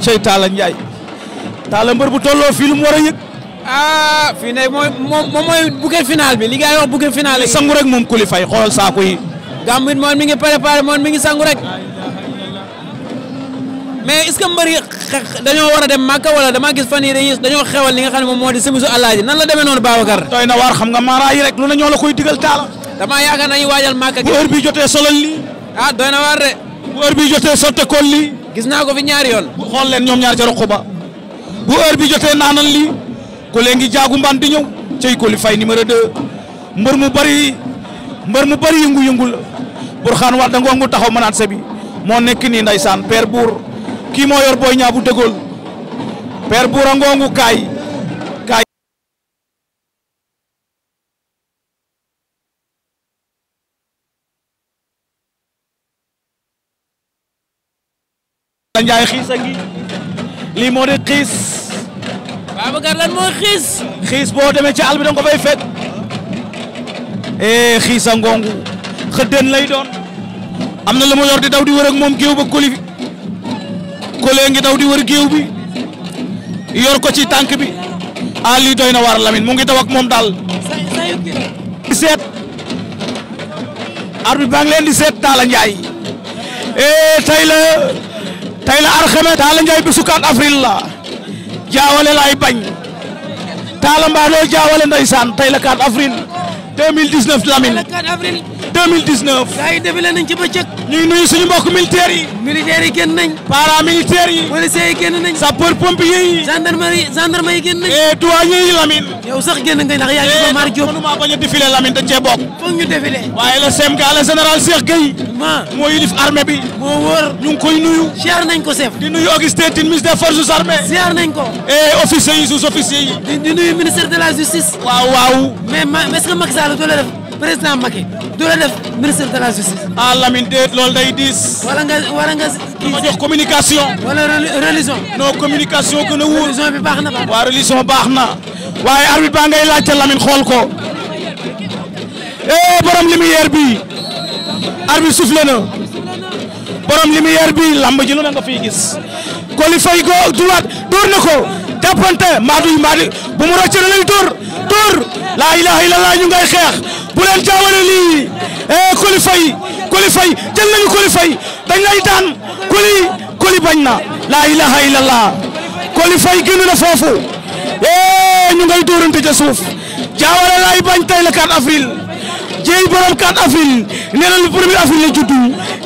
cey Talla Ndiaye Talla mbër bu tolloo fii lu mu war a yëg. ah fii ne mooy moom mooy bouquet final bi li ngay wax bouquet sangu rek moom kuli fay xool saako yi. gàmm it moom mi ngi préparé moom mi ngi sangu rek. mais est-ce que mbër dañoo war a dem Màkka wala damaa gis fan yii dañoo xewal li nga xam ne moom moo di semisu alaaji nan la demee noonu Babacar. doy na waar xam nga mara rek lu ne ñoo koy digal Talla. damaa yaakaar nañu waajal Màkka. bu heure bi jotee solal lii. Ah, bu heure bi jotee sotteekoo lii. gis naa ko fi ñaari yoon. xool leen ñoom ñaar ca roq ba bu heure bi jotee naanan li ko léegi jaagu mbaan di ñëw cey Coly Faye numéro 2 mbër mu bari mbër mu bari yëngu-yëngu la Burxaan Wàdd da ngongu taxaw mënaat sa moo nekk nii ndaysaan père Bour kii moo yor booy ñaa bu dëggool père Bour a ngongu kaay. sa njaay xiis a ngi lii moo di xiis Babacar lan mooy xiis xiis boo demee ci àll bi danga ko fay fekk ee eh, xiis a ngongu xëddeen lay doon am na la mu yor di daw di wër ak moom géew ba koli bi kolee ngi daw di wër géew bi yor ko ci tànk bi a ah, lii doy na war Lamine mu ngi daw ak moom daal seet arbitre baa ngi leen di seet Talla Ndiaye ee eh, tey la tey la arxeme Talla Ndiaye bisu 4 avril la jaawale laay bañ Talla Mballo jaawale ndeysaan tey la 4 avril 2019 Lamine 2019. gars yi défilé nañ ci ñu ngi nuyu suñu mbokk militaires yi. militaires yi génn nañ. paramilitaires yi. policiers yi génn nañ. sapeur pompier yi. gendarmerie gendarmerie nañ. et douanier yi Lamine. yow sax génn nga ndax yaa ngi ko eh, Mar Diop. mënuma bañ a défilé Lamine dañ cee bokk. foog ñu défilé. waaye le CMK le général Cheikh Gueye. moo yilif armée bi. moo wóor ñu ngi koy nuyu. ziar nañ ko chef. di nuyu Augustin Tine ministre des forces armées. nañ ko. et officiers yi sous officiers yi. di nuyu ministère président Macky du la def ministre de justice. ah Lamine déet loolu day diis. wala nga communication. wala communication gën a wóor. religion bi baax na baax na. waaye arbitre ba ngay laajte Lamine xool ko. eh borom lumière bi arbitre soufflé na borom lumière bi lamb ji lu na nga go droite door na ko jàppante Madou Madou bu mu rocce lay door door laa ilaaha illallaah ñu ngay xeex. bu leen jaawale lii eh, Coly Faye Coly Faye jël nañu Coly dañ lay daan Coly Coly bañ na laa ilaha illallah Coly Faye génn na foofu eh, ñu ngay dóorante ca suuf jaawale laay bañ tey la 4 avril jéey borom 4 avril nee na le premier avril la juddu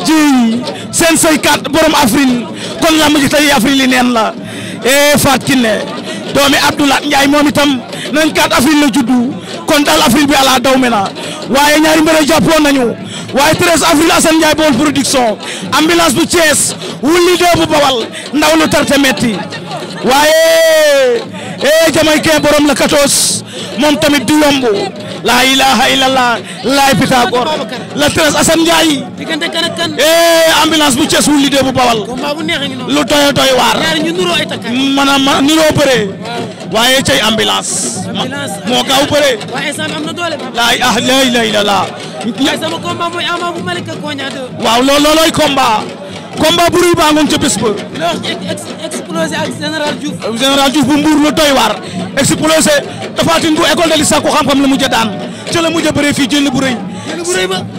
jéey seen say 4 borom avril kon làmb ji tey avril yi neen la e Fatou doomi Abdoulaye Ndiaye moom itam nañ 4 avril la juddu 14 avril bi àla daw mena waaye ñaari mbër jàppoon nañu waaye 13 avril Assane Ndiaye Baol production ambulance bu Thiès wulli dee bu bawal ndaw tarte metti waaye e jamaïcain borom la 14 moom tamit du yomb la ilaha illallah laay Pythagore la 13 Assane Ambulance bu Thiès wu leader bu Bawal. lu tooy tooy waar. maanaam ma niroo bëree. waaye cay Ambulance. moo gaaw bëree. laay ah lay lay la laa. waaw loolu loolooy combat. combat bu rëy baa ngoon ca bés ba. explosé ak général Diouf. général Diouf bu mbuur lu tooy waar. explosé Tapha Tine bu école de l'ISAC ko xam-xam la mujj a daan ca la mujj a bëree fii jënd bu rëy.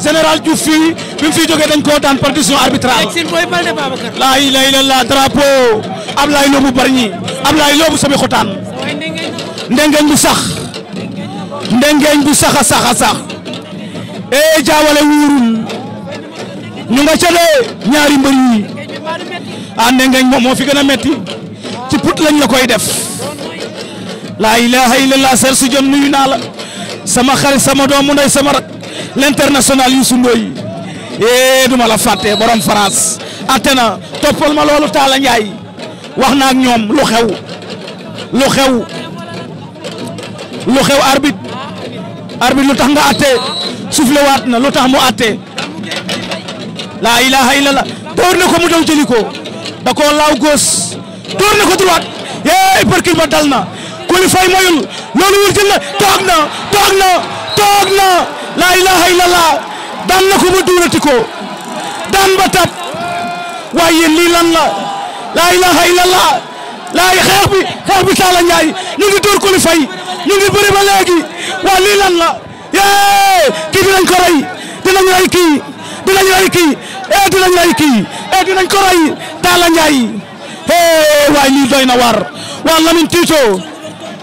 général Diouf fii bi mu fiy jógee dañ koo daan par décision arbitrale. laa ilaaha illallaah drapeau Ablaye Lo bu Bargny Ablaye Lo bu Sëbi Xotaan. bu sax bu sax a sax a sax ee jaawale wuurul ñu nga ca de ñaari mbër yi ah, moo fi gën a metti ci put lañ la koy def. laa ilaaha illallaah ser su jom nuyu naa la sama xarit sama doomu ndey sama rak. l'international Youssou Ndoye eh duma la fàtte borom France atena toppal ma loolu Talla Ndiaye wax na ak ñoom lu xew lu xew lu xew arbitre arbitre lu tax nga atte soufflé waat na lu tax mu atte la ilaha illallah door na ko mu daw jëli ko da ko laaw góos door na ko droite yee barkil ma dal na Coly Faye loolu wër jël na toog na toog na laa ilaha illallah daan na ko ba duurati ko daan ba tat waaye lii lan la laa ilaha illallah laay xeex bi xeex bi Talla Ndiaye ñu ngi dóor Coly Faye ñu ba léegi waa lii lan la yee kii dinañ ko rey eh, eh, ko rey Talla Ndiaye eh waay lii doy na war waa Lamine Tito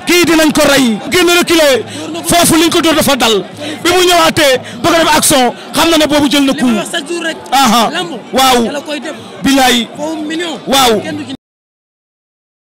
kii dinañ ko rey génn reculé foofu liñ ko dóor dafa dal bi mu ñëwaatee bëgg def action xam na ne boobu jël na coup aha waaw bilaay waaw